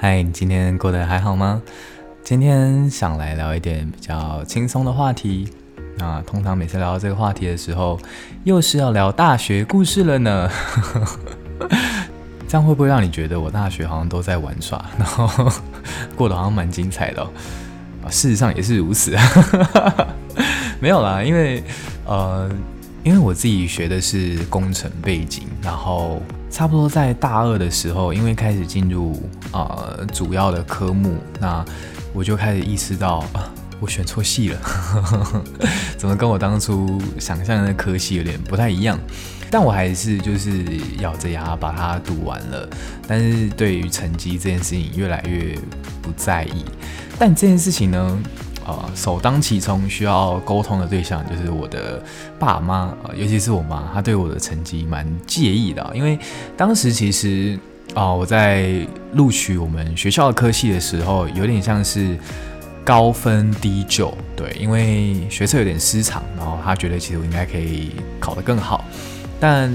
嗨，Hi, 你今天過得還好嗎？今天想來聊一點比較輕鬆的話題。那通常每次聊到這個話題的時候，又是要聊大學故事了呢。 這樣會不會讓你覺得我大學好像都在玩耍，然後過得好像蠻精彩的哦？啊，事實上也是如此啊。 沒有啦，因為呃。因為我自己學的是工程背景，然後差不多在大二的時候，因為開始進入啊、呃、主要的科目，那我就開始意識到啊，我選錯系了，呵呵，怎麼跟我當初想象的科系有點不太一樣？但我還是就是咬着牙把它讀完了，但是對於成績這件事情越來越不在意。但這件事情呢，呃、啊，首當其衝需要溝通的對象就是我的爸媽、啊，尤其是我媽，她對我的成績蠻介意的。因為當時其實啊，我在錄取我們學校的科系的時候，有點像是高分低就，對，因為學測有點失常，然後她覺得其實我應該可以考得更好，但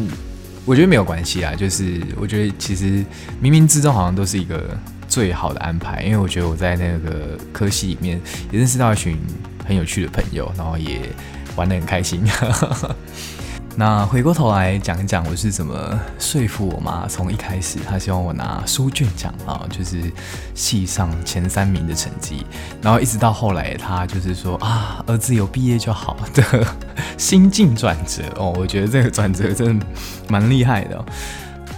我覺得沒有關係啊，就是我覺得其實冥冥之中好像都是一個最好的安排，因為我覺得我在那個科系裡面也認識到一群很有趣的朋友，然後也玩得很開心。 那回過頭來講一講，我是怎麼說服我媽？從一開始，她希望我拿書卷獎啊，就是系上前三名的成績，然後一直到後來，她就是說啊，兒子有畢業就好的心境轉折哦。我覺得這個轉折真的蠻厲害的。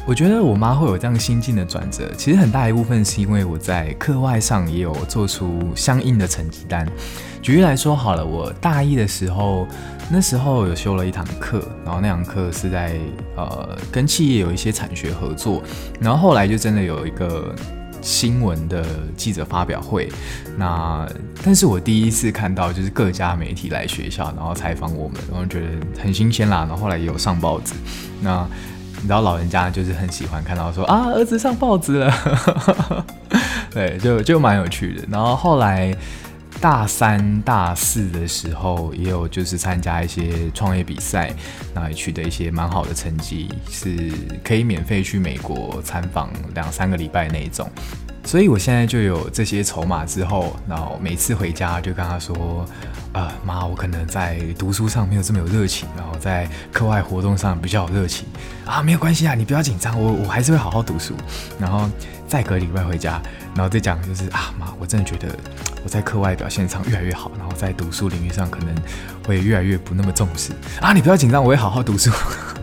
我覺得我媽會有這樣心境的轉折，其實很大一部分是因為我在課外上也有做出相應的成績單。舉例來說，好了，我大一的時候，那時候有修了一堂課，然後那堂課是在呃跟企業有一些產學合作，然後後來就真的有一個新聞的記者發表會，那但是我第一次看到就是各家媒體來學校，然後採訪我們，然後覺得很新鮮啦，然後後來也有上報紙，那。然後老人家就是很喜歡看到說，啊兒子上報紙了，呵呵對，就就蠻有趣的。然後後來大三、大四的時候也有就是參加一些創業比賽，然後也取得一些蠻好的成績，是可以免費去美國參訪兩三個禮拜那一種。所以我現在就有這些籌碼之後，然後每次回家就跟他說：“啊、呃，媽，我可能在讀書上沒有這麼有熱情，然後在課外活動上比較有熱情啊，沒有關係啊，你不要緊張，我我還是會好好讀書。然後再隔禮拜回家，然後再講就是啊，媽，我真的覺得我在課外表現上越來越好，然後在讀書領域上可能會越來越不那麼重視啊，你不要緊張，我會好好讀書。”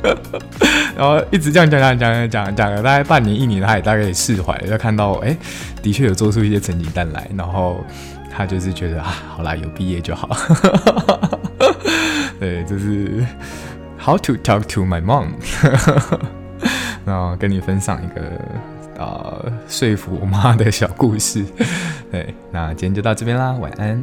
然後一直這樣講講講講，講了大概半年一年，他也大概釋懷了。就看到哎、欸，的確有做出一些成績單來，然後他就是覺得啊，好啦，有畢業就好。 對，就是 How to talk to my mom， 然後跟你分享一個呃說服我媽的小故事。對，那今天就到這邊啦，晚安。